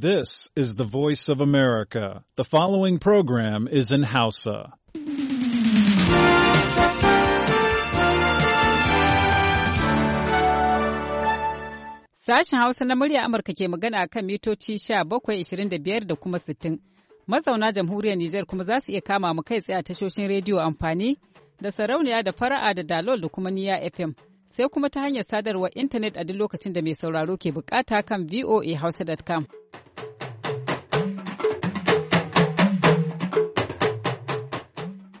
This is the voice of America. The following program is in Hausa. Sashen Hausa na murya Amurka ke magana kan mitoci 17,25 da kuma sittin, Mazauna jamhuriyar Nijar kuma za su iya kama mu kai tsaye a tashoshin rediyo amfani da sarauniya da fara'a da dalol da kuma niya FM. Sai kuma ta hanyar sadarwar intanet a duk lokacin da mai sauraro ke bukata kan voahausa.com.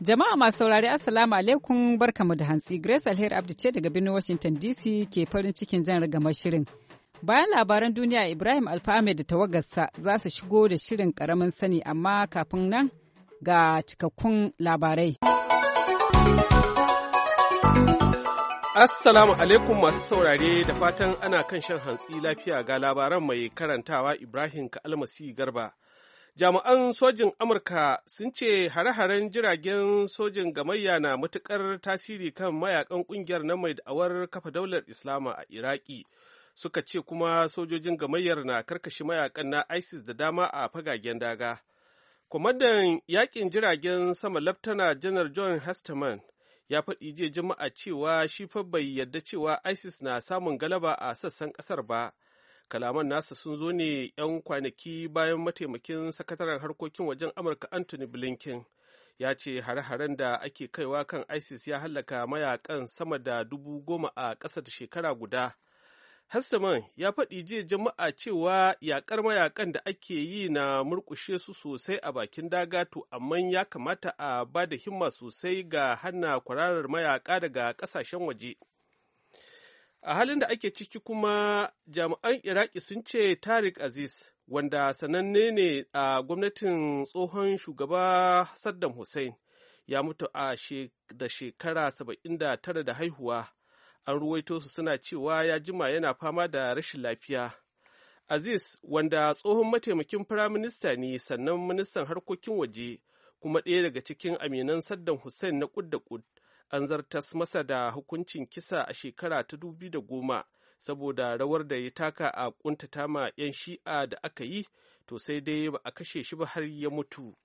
Jama'a masu saurari Assalamu alaikum barkamu da hantsi Grace Alheri Abdi ce daga birnin Washington DC ke farin cikin jan rigamar shirin. Bayan labaran duniya Ibrahim Alfame da tawagarsa za su shigo da shirin karamin sani amma kafin nan ga cikakkun labarai. Assalamu alaikum masu saurare da fatan ana kan shan hantsi lafiya ga labaran mai karantawa Ibrahim Ka'almasi Garba. jami'an sojin amurka sun ce hare-haren jiragen sojin gamayya na matukar tasiri kan mayakan kungiyar na mai da'awar kafa daular islama a iraki suka ce kuma sojojin gamayyar na karkashi mayakan na isis da dama a fagagen daga kwamandan yakin jiragen sama laftana janar john hasterman ya faɗi jiya juma'a cewa shi fa bai yarda cewa isis na samun galaba a sassan ƙasar ba kalaman nasa sun zo ne 'yan kwanaki bayan mataimakin sakataren harkokin wajen amurka anthony blinken ya ce hare-haren da ake kaiwa kan isis ya hallaka mayakan sama da dubu goma a ƙasa da shekara guda hassaman ya faɗi jiya jama'a cewa yakar mayakan da ake yi na murƙushe su sosai a bakin dagatu amma ya kamata a ba da himma sosai ga hana kwararar mayaka daga ƙasashen waje a halin da ake ciki kuma jami'an iraki sun ce tariq aziz wanda sananne ne a gwamnatin tsohon shugaba saddam hussein ya mutu a da shekara 79 da haihuwa an ruwaito su suna cewa ya jima yana fama da rashin lafiya aziz wanda tsohon mataimakin firaminista ne sannan ministan harkokin waje kuma ɗaya daga cikin aminan saddam hussein na kud da an zartas masa da hukuncin kisa a shekara ta dubi da goma saboda rawar da ya taka a kuntata ma 'yan shi'a da aka yi to sai dai ba a kashe shi ba har ya mutu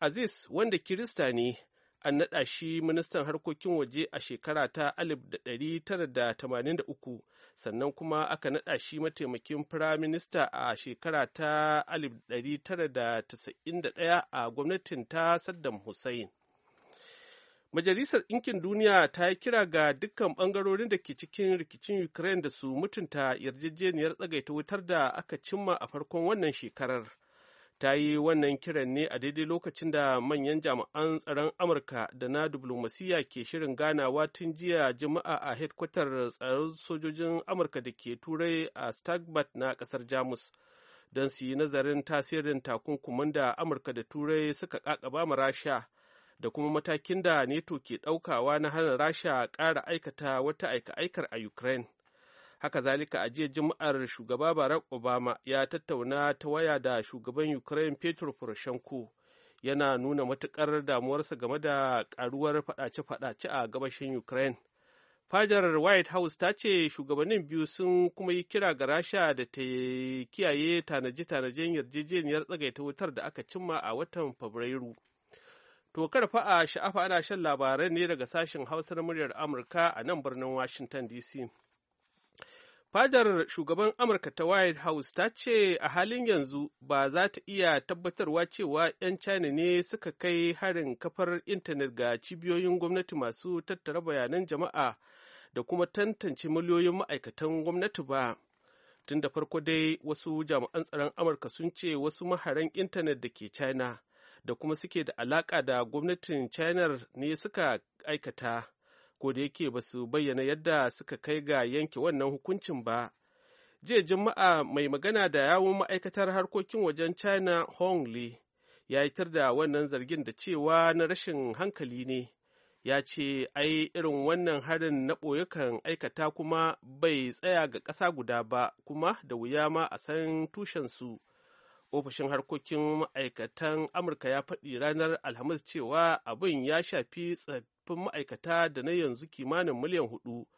aziz wanda kirista ne an naɗa shi ministan harkokin waje a shekara ta 1983 sannan kuma aka naɗa shi mataimakin firaminista a shekara ta 1991 a gwamnatin ta saddam hussein Majalisar Ɗinkin Duniya ta yi kira ga dukkan ɓangarorin da ke cikin rikicin Ukraine da su mutunta yarjejeniyar tsagaita wutar da aka cimma a farkon wannan shekarar. Ta yi wannan kiran ne a daidai lokacin da manyan jami'an tsaron Amurka da na diplomasiya ke shirin ganawa tun jiya Juma'a a hedkwatar tsaron sojojin Amurka da ke Turai a Stagbat na ƙasar Jamus. Don su yi nazarin tasirin takunkuman da Amurka da Turai suka ƙaƙaba Rasha. da kuma matakin da neto ke ɗaukawa na hana rasha ƙara aikata wata aika-aikar a ukraine haka zalika a jiya juma'ar shugaba barack obama ya tattauna ta waya da shugaban ukraine petro poroshenko yana nuna matuƙar damuwarsa game da ƙaruwar faɗace-faɗace a gabashin ukraine fadar white house ta ce shugabannin biyu sun kuma yi kira ga rasha da ta kiyaye tanaje-tanajen yarjejeniyar tsagaita wutar da aka cimma a watan fabrairu To karfa a sha'afa ana shan labarai ne daga sashen hausar muryar Amurka a nan birnin Washington DC. Fadar shugaban Amurka ta White House ta ce a halin yanzu ba za ta iya tabbatarwa cewa 'yan China ne suka kai harin kafar intanet ga cibiyoyin gwamnati masu tattara bayanan jama'a da kuma tantance miliyoyin ma'aikatan gwamnati ba. Tun da farko dai wasu jami'an tsaron Amurka sun ce wasu maharan intanet da ke China. da kuma suke da alaka da gwamnatin china ne suka aikata ko da yake ba su bayyana yadda suka kai ga yanke wannan hukuncin ba jiya juma'a mai magana da yawon ma'aikatar harkokin wajen china hong li ya yitar da wannan zargin da cewa na rashin hankali ne ya ce ai irin wannan harin na ɓoye aikata kuma bai tsaya ga ƙasa guda ba kuma da wuya ma a san tushensu ofishin harkokin ma'aikatan amurka ya faɗi ranar alhamis cewa abin ya shafi tsaffin ma'aikata da na yanzu kimanin miliyan hudu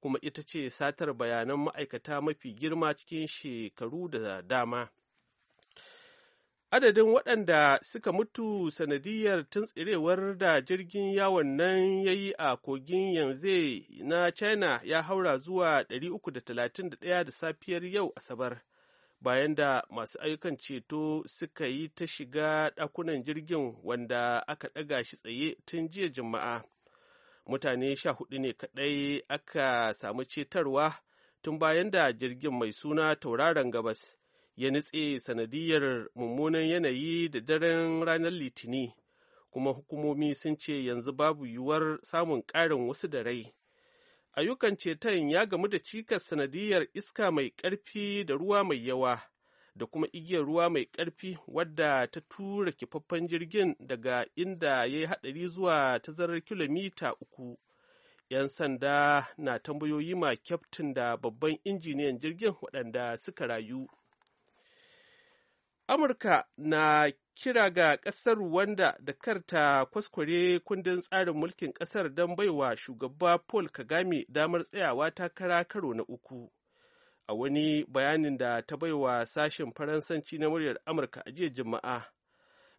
kuma ita ce satar bayanan ma'aikata mafi girma cikin shekaru da dama adadin waɗanda suka mutu sanadiyar tuntsirewar da jirgin yawon nan ya yi a kogin yanzu na china ya haura zuwa 331 da safiyar yau asabar bayan da masu ayyukan ceto suka yi ta shiga ɗakunan jirgin wanda aka ɗaga shi tsaye tun jiya juma'a mutane sha hudu ne kaɗai aka samu cetarwa tun bayan da jirgin mai suna tauraron gabas ya nutse sanadiyar mummunan yanayi da daren ranar litini kuma hukumomi sun ce yanzu babu yiwuwar samun ƙarin wasu da rai ayyukan ceton ya gamu da cikas sanadiyar iska mai ƙarfi da ruwa mai yawa da kuma igiyar ruwa mai ƙarfi wadda ta tura kifaffen jirgin daga inda ya yi haɗari zuwa tazarar kilomita uku. 'Yan sanda na tambayoyi ma kyaftin da babban injiniyan jirgin waɗanda suka rayu. Amurka na kira ga ƙasar wanda da karta kwaskware kundin tsarin mulkin ƙasar don baiwa shugaba Paul Kagame damar tsayawa takara karo na uku. A wani bayanin da ta baiwa sashen Faransanci na muryar Amurka a jiya Juma'a,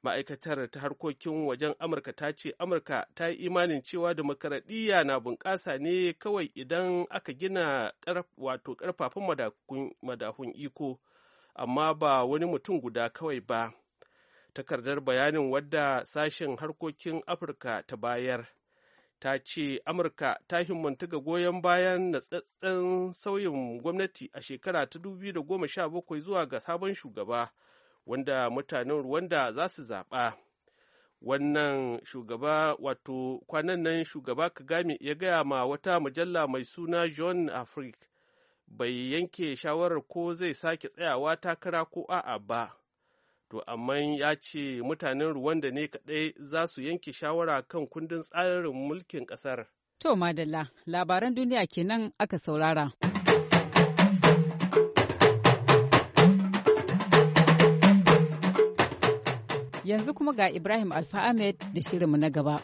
ma'aikatar ta harkokin wajen Amurka ta ce Amurka ta yi imanin cewa demokaradiyya na bunƙasa ne kawai idan aka gina wato ƙarfafan madahun iko, amma ba wani mutum guda kawai ba. takardar bayanin wadda sashen harkokin afirka ta bayar ta ce amurka ta himmantu ga goyon bayan natsatsen sauyin gwamnati a shekara ta 2017 zuwa ga sabon shugaba wanda mutanen rwanda za su zaɓa wannan shugaba wato kwanan nan shugaba kagame ya gaya ma wata mujalla mai suna john afrik bai yanke shawarar ko zai sake tsayawa takara ko a'a ba to amma ya ce mutanen Ruwan da ne kaɗai za su yanke shawara kan kundin tsarin mulkin ƙasar. To madalla labaran duniya kenan aka saurara. Yanzu kuma ga Ibrahim Alfa Ahmed da shirinmu na gaba.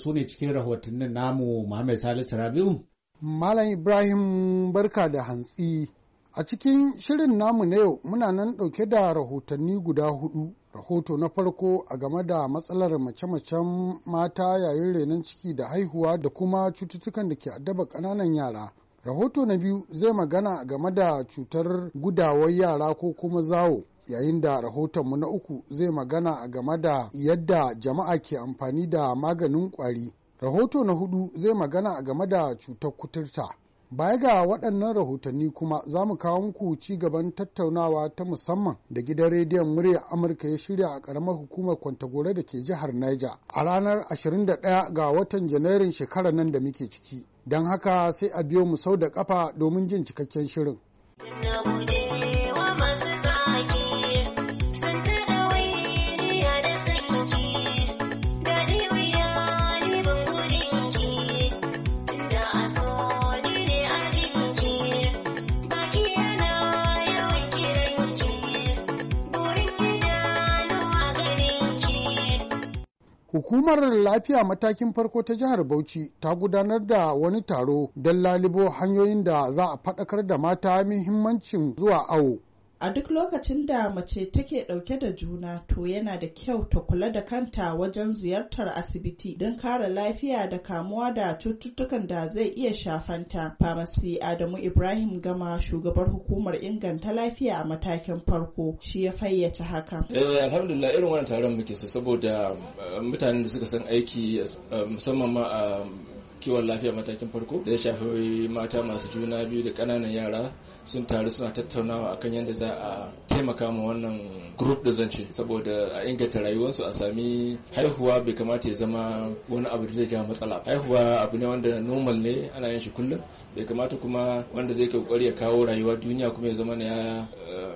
su ne cikin rahotannin namu Muhammad Salisu Rabiu. Malam Ibrahim barka da hantsi. A cikin shirin namu na yau muna nan ɗauke da rahotanni guda hudu. Rahoto na farko a game da matsalar mace-macen mata yayin renon ciki da haihuwa da kuma cututtukan da ke addaba ƙananan yara. Rahoto na biyu zai magana game da cutar gudawar yara ko kuma zawo yayin da rahotonmu na uku zai magana a game da yadda jama'a ke amfani da maganin kwari rahoto na hudu zai magana a game da cutar kuturta baya ga waɗannan rahotanni kuma za mu kawo muku ci gaban tattaunawa ta musamman da gidan rediyon murya amurka ya shirya a ƙaramar hukumar kwantagore da ke jihar niger a ranar 21 ga watan janairun shekarar nan da muke ciki don haka sai a biyo mu sau da ƙafa domin jin cikakken shirin. Hukumar lafiya matakin farko ta jihar Bauchi ta gudanar da wani taro don lalibo hanyoyin da za a faɗakar da mata muhimmancin zuwa awo a duk lokacin da mace take ɗauke da juna to yana da kyau ta kula da kanta wajen ziyartar asibiti don kare lafiya da kamuwa da cututtukan da zai iya shafanta famasi adamu ibrahim gama shugabar hukumar inganta lafiya a matakin farko shi ya fayyace haka eh, alhamdulillah irin wannan taron muke so saboda eh, mutanen da suka san aiki eh, musamman ma a kiwon lafiya matakin farko da ya shafi mata masu juna biyu da kananan yara sun taru suna tattaunawa akan yadda za a taimaka ma wannan group da zance saboda a inganta rayuwarsu a sami haihuwa bai kamata ya zama wani abu da zai matsala haihuwa abu ne wanda normal ne ana yin shi kullum bai kamata kuma wanda zai kokari ya kawo rayuwa duniya kuma ya zama ya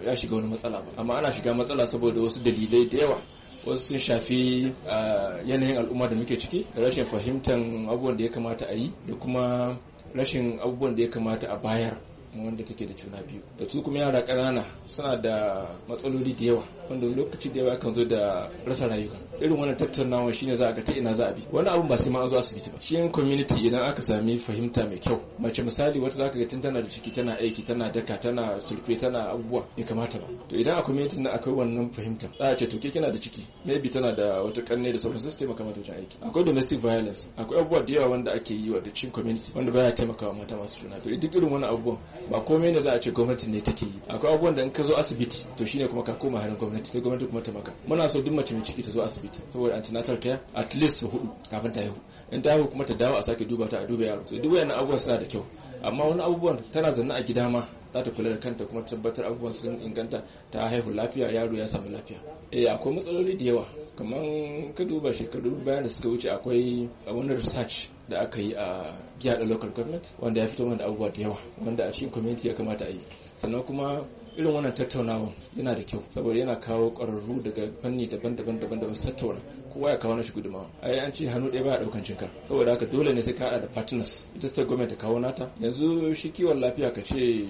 ya shiga wani matsala ba amma ana shiga matsala saboda wasu dalilai da yawa wasu sun shafi yanayin al'umma da muke ciki da rashin fahimtar abubuwan da ya kamata a yi da kuma rashin abubuwan da ya kamata a bayar kuma wanda take da juna biyu da su kuma yara ƙanana suna da matsaloli da yawa wanda lokaci da yawa kan zo da rasa rayuka irin wannan tattaunawa shine za a ga ta ina za a bi wani abun ba sai ma an zo asibiti ba shi community idan aka sami fahimta mai kyau mace misali wata zaka ga tun tana da ciki tana aiki tana daka tana sulfe tana abubuwa bai kamata ba to idan a community na akwai wannan fahimta za a ce to ke kina da ciki maybe tana da wata kanne da sauran su taimaka mata wajen aiki akwai domestic violence akwai abubuwa da yawa wanda ake yi wa da cikin community wanda baya taimakawa mata masu juna to duk irin wani abubuwan ba komai ne za a ce gwamnati ne take yi akwai abubuwan da in ka zo asibiti to shine kuma ka koma harin gwamnati sai gwamnati kuma ta maka muna so duk mace mai ciki ta zo asibiti saboda antenatal care at least su hudu kafin ta haihu in ta haihu kuma ta dawo a sake duba ta a duba yaro to duk wayannan abubuwan suna da kyau amma wani abubuwan tana zanna a gida ma za ta kula da kanta kuma tabbatar abubuwan sun inganta ta haihu lafiya yaro ya samu lafiya eh akwai matsaloli da yawa kamar ka duba shekaru bayan da suka wuce akwai wani research da aka yi a gyaɗa local government wanda ya fito da abubuwa da yawa wanda a cikin community ya kamata a yi sannan kuma irin wannan tattaunawa yana da kyau saboda yana kawo ƙwararru daga fanni daban-daban daban-daban tattauna kowa ya kawo nashi gudunmawa yi an ce hannu ɗaya baya ɗaukan cinka saboda haka dole ne sai ka haɗa da partners ita state government ta kawo nata yanzu shi kiwon lafiya ka ce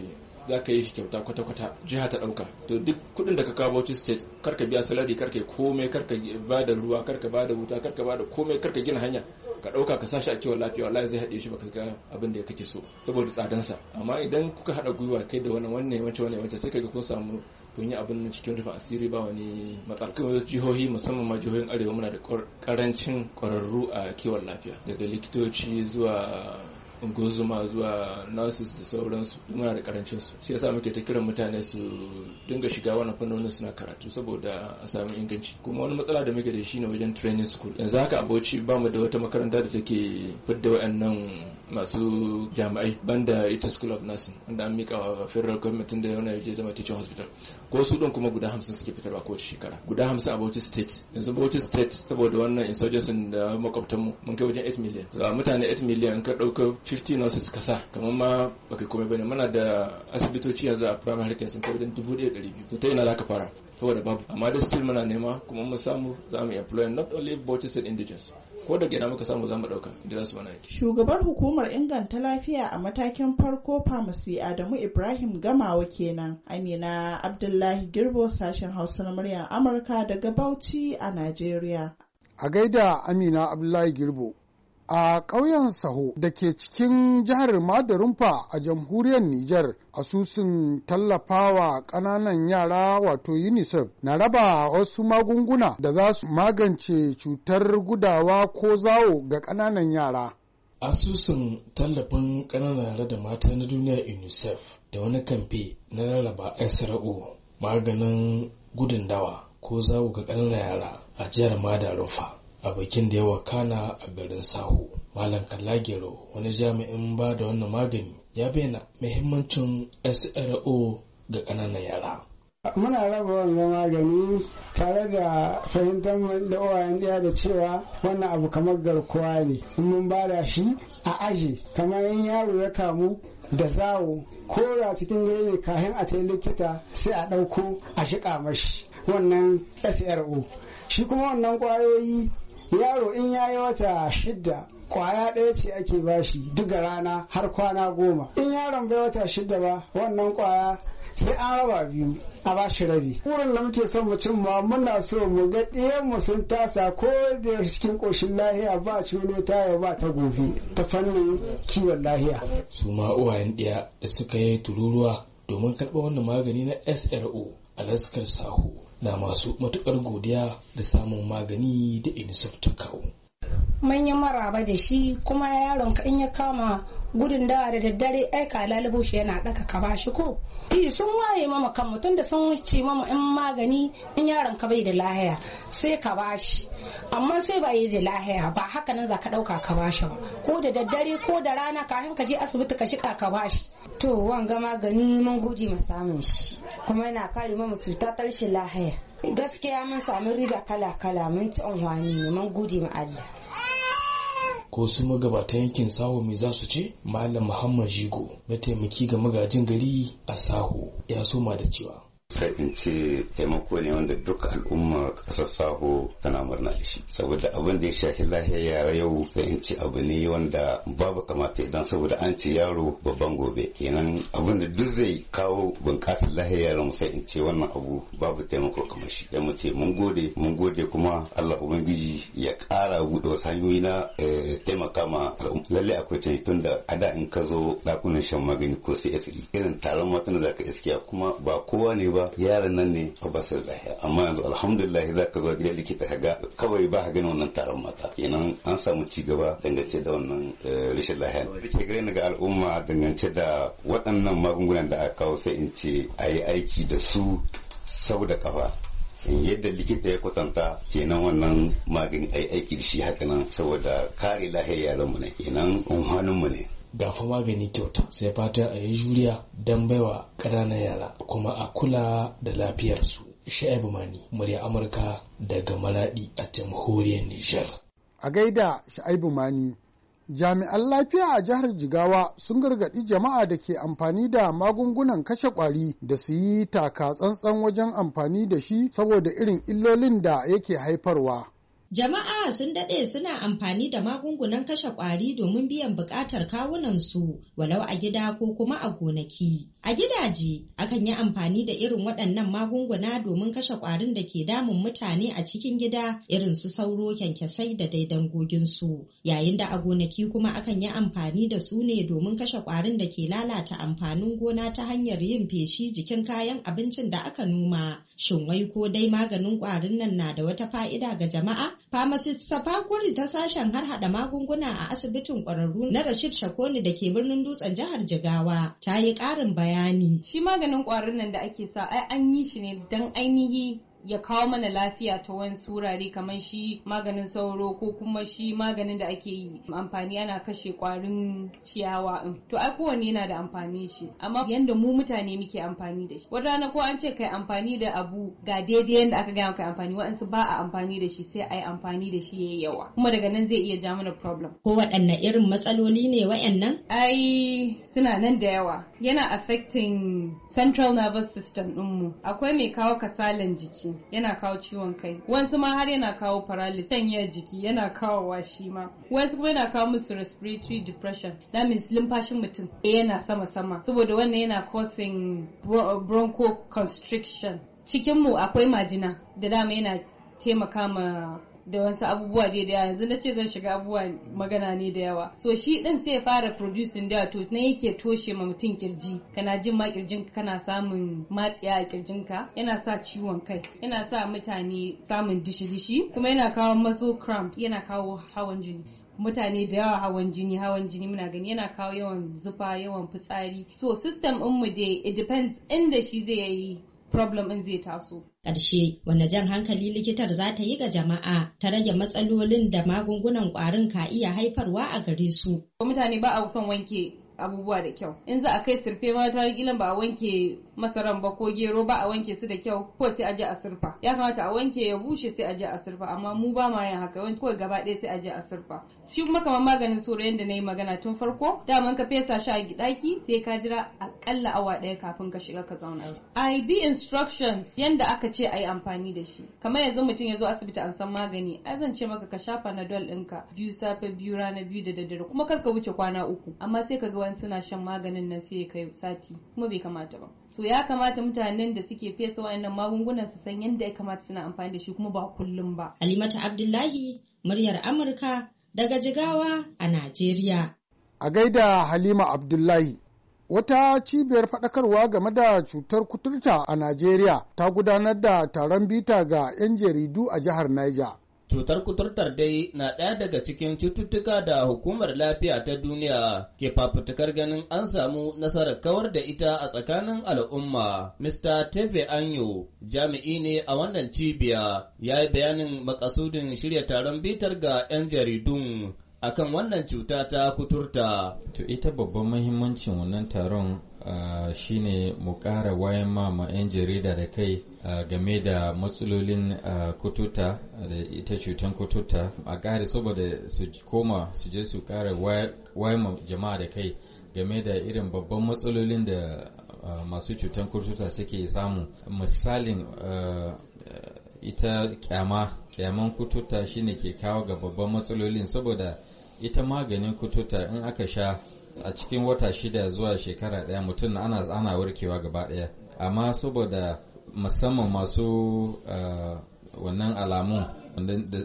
za ka yi shi kyauta kwata-kwata jiha ta ɗauka to duk kuɗin da ka kawo Bauchi State kar biya salari kar ka komai kar ba da ruwa kar ka ba da wuta kar ba da komai kar gina hanya ka ɗauka ka sashi a kiwon lafiya wallahi zai haɗe shi baka ga abin da kake so saboda tsadan sa amma idan kuka haɗa gwiwa kai da wannan wannan wance wannan wance sai kaga kun samu kun yi abin cikin rufin asiri ba wani matsala kuma jihohi musamman ma jihohin arewa muna da karancin ƙwararru a kiwon lafiya daga likitoci zuwa ungozuma zuwa nurses da sauransu muna da karancin su shi yasa muke ta kiran mutane su dinga shiga wannan fannonin suna karatu saboda a samu inganci kuma wani matsala da muke da shi ne wajen training school yanzu haka aboci ba mu da wata makaranta da take fidda wayannan masu jami'ai banda ita school of nursing wanda an mika wa federal government da yana yaje zama teaching hospital ko su ɗin kuma guda hamsin suke fitarwa kowace shekara guda hamsin a Bauchi State yanzu Bauchi State saboda wannan insurgency da makwabtanmu mun kai wajen 8 million za mutane 8 million ka ɗauka 50 nurses ka sa kamar ma baka komai bane muna da asibitoci yanzu a primary health sun kai wajen 1200 to ta ina zaka fara saboda babu amma da still muna nema kuma mu samu za mu employ not only Bauchi State indigenous ko da gina muka samu zamu dauka idan za su mana yake. shugabar hukumar inganta lafiya a matakin farko famasi Adamu Ibrahim Gamawa kenan Amina Abdullahi Girbo sashen Hausa na muryar Amurka daga Bauchi a Najeriya a gaida Amina Abdullahi Girbo a ƙauyen saho da ke cikin jihar madarumfa a jamhuriyar nijar asusun tallafawa ƙananan yara wato unicef na raba wasu magunguna da za su magance cutar gudawa ko zawo ga ƙananan yara asusun tallafin ƙananan yara da mata na duniya unicef da wani kamfe na raba sro maganin gudun dawa ko zawo ga ƙananan yara a jihar madarumfa a bakin da ya wakana a garin sahu Malam Kallagero wani jami'in ba da wannan magani ya bayyana muhimmancin SRO ga ƙananan yara. muna raba wannan magani tare da fahimtar da uwayen ɗaya da cewa wannan abu kamar garkuwa ne in mun bada shi a aji kamar yin yaro ya kamu da zawo ko da cikin gani kafin a ta likita sai a ɗauko a shiƙa mashi wannan SRO shi kuma wannan ƙwayoyi yaro in ya yi wata shidda kwaya ɗaya ce ake bashi duka rana har kwana goma in yaron bai wata shidda ba wannan kwaya sai an raba biyu a ba shi rabi wurin da muke son mu ma muna so mu ga mu sun tasa ko da cikin ƙoshin lahiya ba cuno ta ba ta gobe ta fannin kiwon lahiya su ma uwayen ɗiya da suka yi tururuwa domin karɓar wannan magani na sro a laskar sahu na masu matukar godiya da samun magani da inisaf ta kawo. Manyan maraba da shi kuma yaron ka in ya kama gudun dawa da daddare ai ka yana daka ka bashi ko i sun waye mama kan mutun da sun wuce mama in magani in yaron ka bai da lahiya sai ka bashi amma sai ba yi da lahiya ba haka nan za ka dauka ka bashi ba ko da daddare ko da rana kafin ka je asibiti ka shika ka bashi to wanga magani mun gode mu samun shi kuma yana kare mama cuta ta rashin lahiya gaskiya mun samu riba kala kala mun ci unhwani mun gode ma Allah ko su magabatan yankin saho mai za su ce malam muhammad jigo na taimaki ga magajin gari a saho ya soma da cewa sai in ce taimako ne wanda duka al'umma kasar saho tana murna da shi saboda abin da ya shafi lahiyar yara yau sai in ce abu ne wanda babu kamata idan saboda an ce yaro babban gobe kenan abin da duk zai kawo bunƙasar lahiyar mu sai in ce wannan abu babu taimako kamar shi sai mu ce mun gode mun gode kuma Allah ubangiji ya ƙara buɗe wasu hanyoyi na eh, taimaka ma lalle akwai canji tun da a da in ka zo ɗakunan shan magani ko sai e, irin taron matan da zaka iskiya kuma ba kowa ne ba yaran nan ne ba su da amma yanzu alhamdulillah za ka zo gidan likita ka ga kawai ba ka gani wannan taron mata kenan an samu ci gaba dangance da wannan eh, rashin lahiya kike gare ni ga al'umma dangance da waɗannan magungunan da aka kawo sai in ce a yi aiki da su sau da kafa yadda likita ya kwatanta kenan wannan magani a yi aiki da shi haka saboda kare lahiyar yaran mu ne kenan unhwanin mu ne da fa magani kyauta sai fatan a yi juriya don baiwa ƙananan yara kuma a kula da lafiyarsu sha'ibu mani murya amurka daga maradi a jamhuriyar nijar a gaida sha'ibu mani jami'an lafiya a jihar jigawa sun gargaɗi jama'a da ke amfani da magungunan kashe ƙwari da su yi taka tsantsan wajen amfani da shi saboda irin illolin da yake haifarwa Jama'a sun daɗe suna amfani da magungunan kashe ƙwari domin biyan buƙatar kawunansu walau a gida ko kuma a gonaki. A gidaje akan yi amfani da irin waɗannan magunguna domin kashe ƙwarin da ke damun mutane a cikin gida irin su sauro kyankyasai da dai su, Yayin da a gonaki kuma akan yi amfani da su ne domin kashe ƙwarin da ke lalata amfanin gona ta hanyar yin feshi jikin kayan abincin da aka noma. Shin wai ko dai maganin ƙwarin nan na da wata fa'ida ga jama'a? Pharmacist Safakuri ta sashen har hada magunguna a asibitin Kwararru na Rashid Shakoni da ke birnin dutsen jihar Jigawa ta yi ƙarin bayani. Shi maganin ƙwarin nan da ake sa ai an yi shi ne don ainihi ya kawo mana lafiya ta wani wurare kamar shi maganin sauro ko kuma shi maganin da ake yi amfani ana kashe kwarin ciyawa din to ai kowanne yana da amfani shi amma yanda mu mutane muke amfani da shi wata rana ko an ce kai amfani da abu ga daidai yanda aka gaya kai amfani wa'ansu ba a amfani da shi sai ai amfani da shi yayi yawa kuma daga nan zai iya ja mana problem ko waɗanne irin matsaloli ne wa'annan ai suna nan da yawa yana affecting central nervous system ɗinmu. Akwai mai kawo kasalan jiki, yana kawo ciwon kai. Wasu ma har yana kawo paralysis, sanya jiki yana kawowa shi ma. Wasu kuma yana kawo musu respiratory depression, that means limfashin mutum eh yana sama-sama. Saboda wannan yana causing bronchoconstriction. Cikinmu akwai majina da dama yana taimaka ma da wasu abubuwa dai da yanzu na ce zan shiga abubuwa magana ne da yawa so shi din sai fara producing da to na yake toshe ma mutum kirji kana jin ma kirjin kana samun matsiya a kirjin ka yana sa ciwon kai yana sa mutane samun dishi dishi kuma yana kawo muscle cramp yana kawo hawan jini mutane da yawa hawan jini hawan jini muna gani yana kawo yawan zufa yawan fitsari so system mu dai it depends inda shi zai yi problem ɗin zai taso. Ƙarshe wanne jan hankali likitar za ta yi ga jama'a ta rage matsalolin da magungunan ƙwarin ka iya haifarwa a gare su. Ko Mutane ba a son wanke abubuwa da kyau in za a kai sirfe ma ta ba a wanke masaran ba ko gero ba a wanke su da kyau ko sai a je a surfa ya kamata a wanke ya bushe sai a je a surfa amma mu ba ma yin haka wani kawai gaba ɗaya sai a je a surfa shi kuma kamar maganin soro yadda na yi magana tun farko daman ka fesa shi a gidaki sai ka jira akalla awa ɗaya kafin ka shiga ka zauna I instructions yanda aka ce a yi amfani da shi kamar yanzu mutum ya zo asibiti an san magani ai zan ce maka ka shafa na dol ɗinka biyu safe biyu rana biyu da daddare kuma kar ka wuce kwana uku amma sai ka ga wani suna shan maganin nan sai ya kai sati kuma bai kamata ba so ya kamata mutanen da suke fesa wayannan magungunan su san yadda ya kamata suna amfani da shi kuma ba kullum ba halimata abdullahi muryar amurka daga jigawa a najeriya a gaida halima abdullahi Wata cibiyar faɗakarwa game da cutar kuturta a Najeriya ta gudanar da taron bita ga 'yan jaridu a jihar Niger. Cutar kuturtar dai na ɗaya daga cikin cututtuka da hukumar lafiya ta duniya ke fafutukar ganin an samu nasarar kawar da ita a tsakanin al'umma. Mr. Tefe Anyo, jami'i ne a wannan cibiya, ya yi bayanin makasudin shirya taron bitar ga 'yan jaridun akan wannan cuta ta kuturta. To ita babban muhimmancin wannan taron Ah, shine mu ƙara wayan ma 'yan jarida da kai ah, game da matsalolin ah, kututa da ita cutan kututa a kare saboda su koma su je su ƙara wayan ma jama'a da kai game da irin babban matsalolin da masu cutan kututa suke samu misalin ita kyama kyaman kututa shine ke kawo ga babban matsalolin saboda ita maganin kututa in aka sha a cikin wata shida zuwa shekara ɗaya mutum ana ana warkewa gaba ɗaya amma saboda musamman masu eh, wannan alamun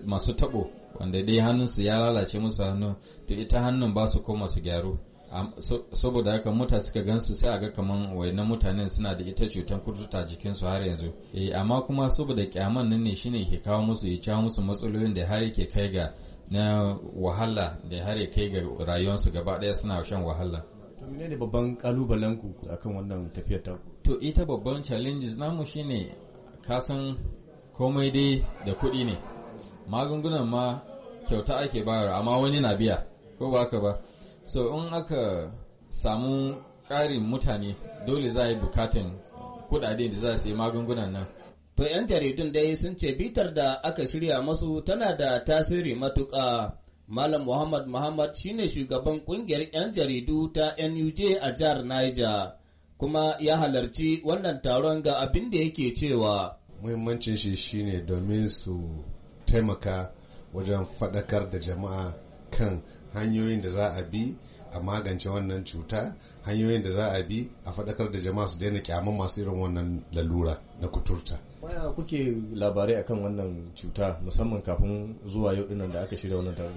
masu tabo wanda dai hannunsu ya lalace musu hannu to ita hannun ba su koma su gyaru saboda haka mota suka gansu sai a ga kaman wayannan mutanen suna da ita cutar jikin su har yanzu eh amma kuma saboda kyaman nan ne shine ke kawo musu ya kawo musu matsalolin da har yake kai ga na wahala da har ya kai ga rayuwarsu gaba ɗaya suna shan wahala to ne babban kalubalen ku akan wannan tafiyar ta to ita babban challenges namu shine ka san komai dai da kuɗi ne magungunan ma kyauta ake bayarwa amma wani na biya ko ba ba so in aka samu ƙarin mutane dole za a yi bukatan kuɗaɗe da za su yi magungunan nan To 'yan jaridun dai sun ce bitar da aka shirya masu tana da tasiri matuƙa. Malam Muhammad Muhammad shine shugaban ƙungiyar 'yan jaridu ta NUJ a jihar Niger, kuma ya halarci wannan taron ga abin da yake cewa. Muhimmancin shi shine domin su taimaka wajen faɗakar da jama'a kan hanyoyin da za a bi a magance wannan cuta hanyoyin da za a bi a faɗakar da jama'a su daina kyaman masu irin wannan lalura na kuturta. Baya kuke labarai akan wannan cuta musamman kafin zuwa yau dinnan da aka shirya wannan taron?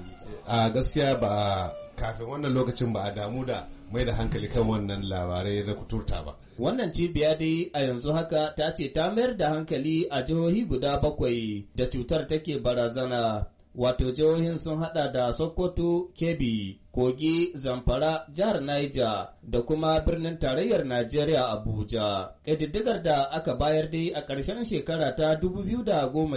A gaskiya ba kafin wannan lokacin ba a damu da mai da hankali kan wannan labarai na kuturta ba. Wannan cibiya dai a yanzu haka ta ce ta mayar da hankali a jihohi guda bakwai da cutar take barazana wato jihohin sun hada da Sokoto, Kebbi, Kogi, Zamfara, jihar Niger da kuma birnin tarayyar Najeriya Abuja. Ƙididdigar da aka bayar dai a ƙarshen shekara ta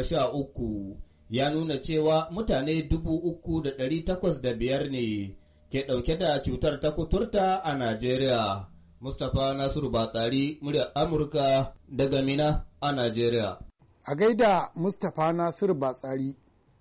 sha uku ya nuna cewa mutane dubu uku da biyar ne ke ɗauke da cutar ta kuturta a Najeriya. Mustapha Nasiru Batsari, muryar Amurka daga Mina a Najeriya. A gaida Mustapha Nasiru Batsari.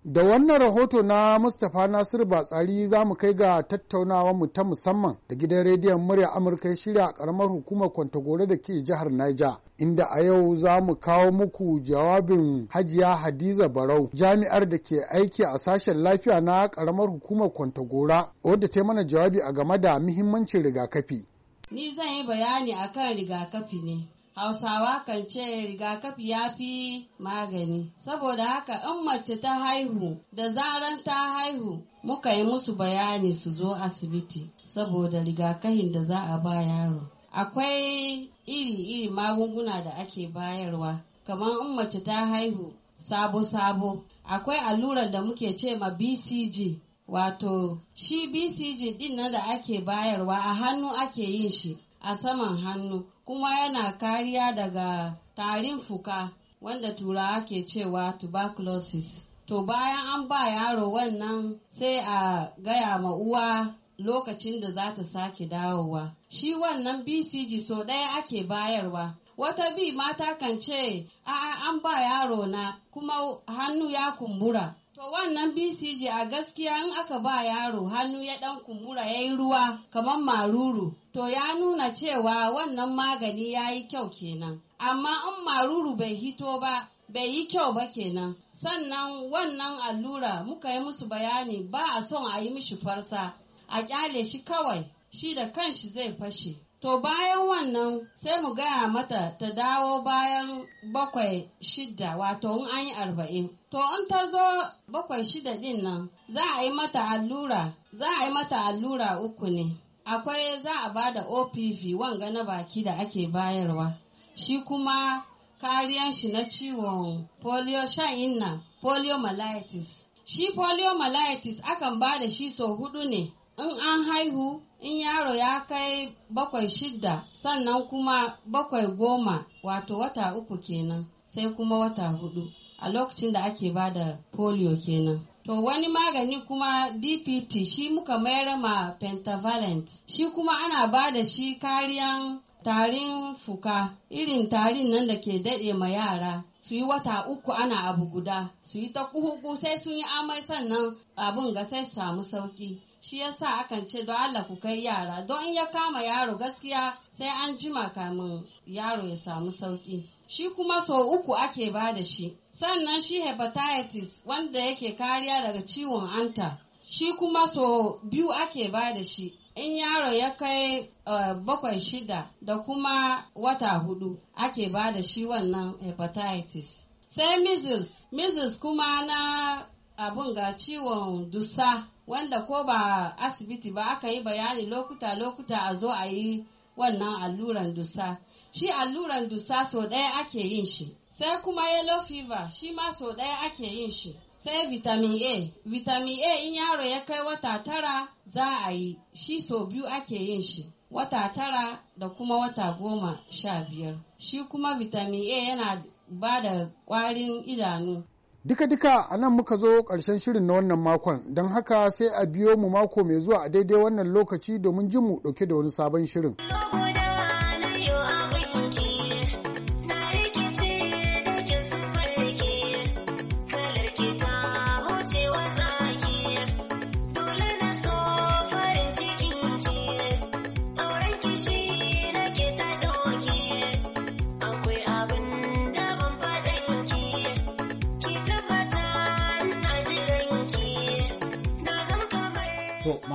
Da wannan rahoto na Mustapha Nasir Batsari za mu kai ga tattaunawar mu ta musamman da gidan rediyon murya Amurka ya shirya a karamar hukumar Kwantagore da ke jihar Niger, inda a yau za mu kawo muku jawabin Hajiya Hadiza Barau, jami'ar da ke aiki a sashen lafiya na karamar hukumar Kwantagora, wadda ta mana jawabi a game da muhimmancin rigakafi. Ni zan yi bayani akan rigakafi ne. Hausawa kan ce rigakafi ya fi magani, saboda haka in mace ta haihu da zaran ta haihu muka yi musu bayani su zo asibiti saboda rigakafin da za a ba yaro. Akwai iri-iri magunguna da ake bayarwa, kamar in mace ta haihu sabo-sabo. Akwai allurar da muke ce ma BCG, wato shi BCG din da ake bayarwa a hannu ake yin shi, a saman hannu. kuma yana kariya daga tarin fuka wanda turawa ke cewa tuberculosis. To bayan an ba yaro wannan sai a gaya ma uwa lokacin da za ta sake dawowa. Shi wannan BCG so ɗaya ake bayarwa. Wata bi mata kan ce, a'a an ba yaro na kuma hannu ya kumbura. To wannan BCG a gaskiya in aka ba yaro hannu ya ɗan kumbura ya yi ruwa kamar maruru. to ya nuna cewa wannan magani ya yi kyau kenan. Amma in maruru bai hito ba, bai yi kyau ba kenan. Sannan wannan allura muka yi musu bayani ba a son a yi mishi farsa, a kyale shi kawai, shi da kanshi zai fashe. To bayan wannan sai mu gaya mata ta dawo bayan bakwai shida wato in an yi arba'in. To in ta zo bakwai shida din nan za za a yi mata allura uku ne. akwai za a ba da opv wanga na baki da ake bayarwa shi kuma kariyan shi na ciwon polio shayin na poliomyelitis shi poliomyelitis akan ba da shi sau hudu ne in an haihu in yaro ya kai bakwai shidda sannan kuma bakwai goma wato wata uku kenan sai kuma wata hudu a lokacin da ake ba da polio kenan To wani magani kuma DPT shi muka mayar ma pentavalent shi kuma ana ba da shi kariyan tarin fuka irin tarin nan da ke daɗe ma yara su yi wata uku ana abu guda su yi ta kuhuku sai sun yi amai sannan abun ga sai samu sauki shi yasa akan ce don Allah ku kai yara don in ya kama yaro gaskiya sai an jima kamin yaro ya samu sauki shi kuma so uku ake ba da shi sannan shi hepatitis wanda yake kariya daga ciwon hanta shi kuma so biyu ake ba da shi in yaro ya kai eh, bakwai shida da kuma wata hudu ake ba da shi wannan hepatitis sai measles measles kuma na abun ga ciwon dusa wanda ko ba asibiti ba aka yi bayani lokuta-lokuta a zo a yi wannan alluran dusa shi alluran dusa so ɗaya ake yin shi sai kuma yellow fever shi ma sau ɗaya ake yin shi sai vitamin a vitamin a in yaro ya kai wata tara za a yi shi sau biyu ake yin shi wata tara da kuma wata goma sha biyar shi kuma vitamin a yana ba da ƙwarin idanu Duka-duka a nan muka zo ƙarshen shirin na wannan makon, don haka sai a biyo mu mako mai zuwa a daidai wannan lokaci domin jin mu ɗauke da wani sabon shirin.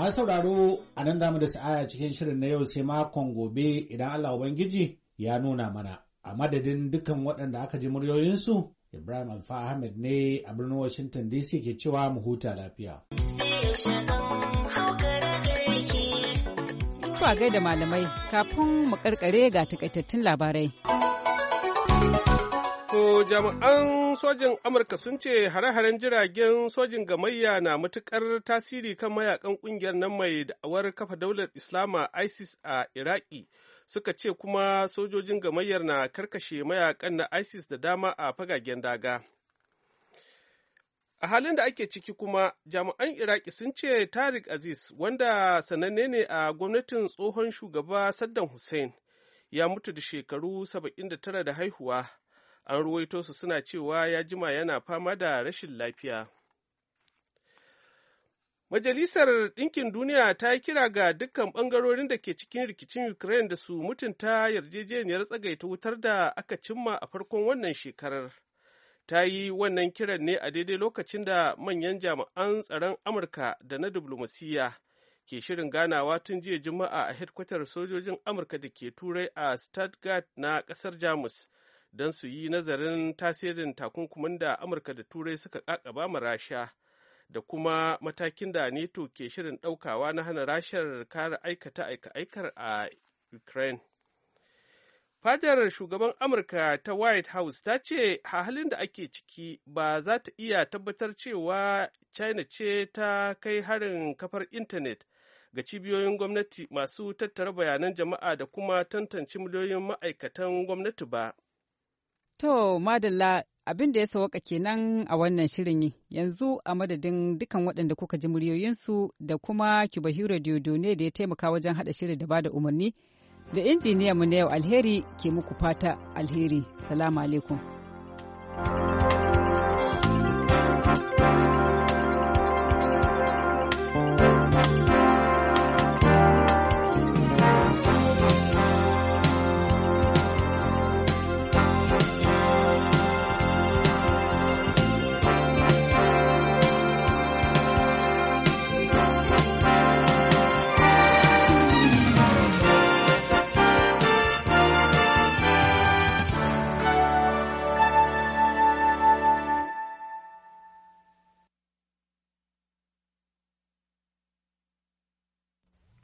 Masu sauraro a nan damu da sa'aya cikin shirin na yau sai makon gobe idan Allah Ubangiji ya nuna mana. A madadin dukan waɗanda aka ji muryoyinsu, Ibrahim Alfa Ahmed ne a birnin Washington DC ke cewa mu huta lafiya. Zuwa da malamai kafin mu karkare ga takaitattun labarai. To jami'an sojin Amurka sun ce hare-haren jiragen sojin gamayya na matuƙar tasiri kan mayakan ƙungiyar nan mai da'awar kafa daular Islama ISIS a Iraki. Suka ce kuma sojojin gamayyar na karkashe mayakan na ISIS da dama a fagagen daga. A halin da ake ciki kuma jami'an Iraki sun ce Tariq Aziz wanda sananne ne a gwamnatin tsohon shugaba Saddam Hussein ya mutu da shekaru 79 da haihuwa. an ruwaito su suna cewa ya jima yana fama da rashin lafiya Majalisar Ɗinkin Duniya ta yi kira ga dukkan ɓangarorin da ke cikin rikicin Ukraine da su mutunta yarjejeniyar tsagaita wutar da aka cimma a farkon wannan shekarar. Ta yi wannan kiran ne a daidai lokacin da manyan jami'an tsaron Amurka da na diplomasiyya ke shirin ganawa tun jiya Juma'a a hedkwatar sojojin Amurka da ke Turai a Stuttgart na ƙasar Jamus don su yi nazarin tasirin takunkumin da amurka da turai suka kakaba ma rasha da kuma matakin da neto ke shirin ɗaukawa na hana rashar kare aikata aika-aikar a ukraine fadar shugaban amurka ta white house ta ce halin da ake ciki ba za ta iya tabbatar cewa china ce ta kai harin kafar intanet ga cibiyoyin gwamnati masu tattara bayanan jama'a da kuma tantance miliyoyin ma'aikatan gwamnati ba To, madalla abin da ya sawaka kenan a wannan shirin yanzu a madadin dukan waɗanda kuka ji muryoyinsu da kuma Kibahiro Diodo ne da ya taimaka wajen haɗa shirin da ba da umarni da mu na yau alheri ke muku fata alheri. Salamu alaikum.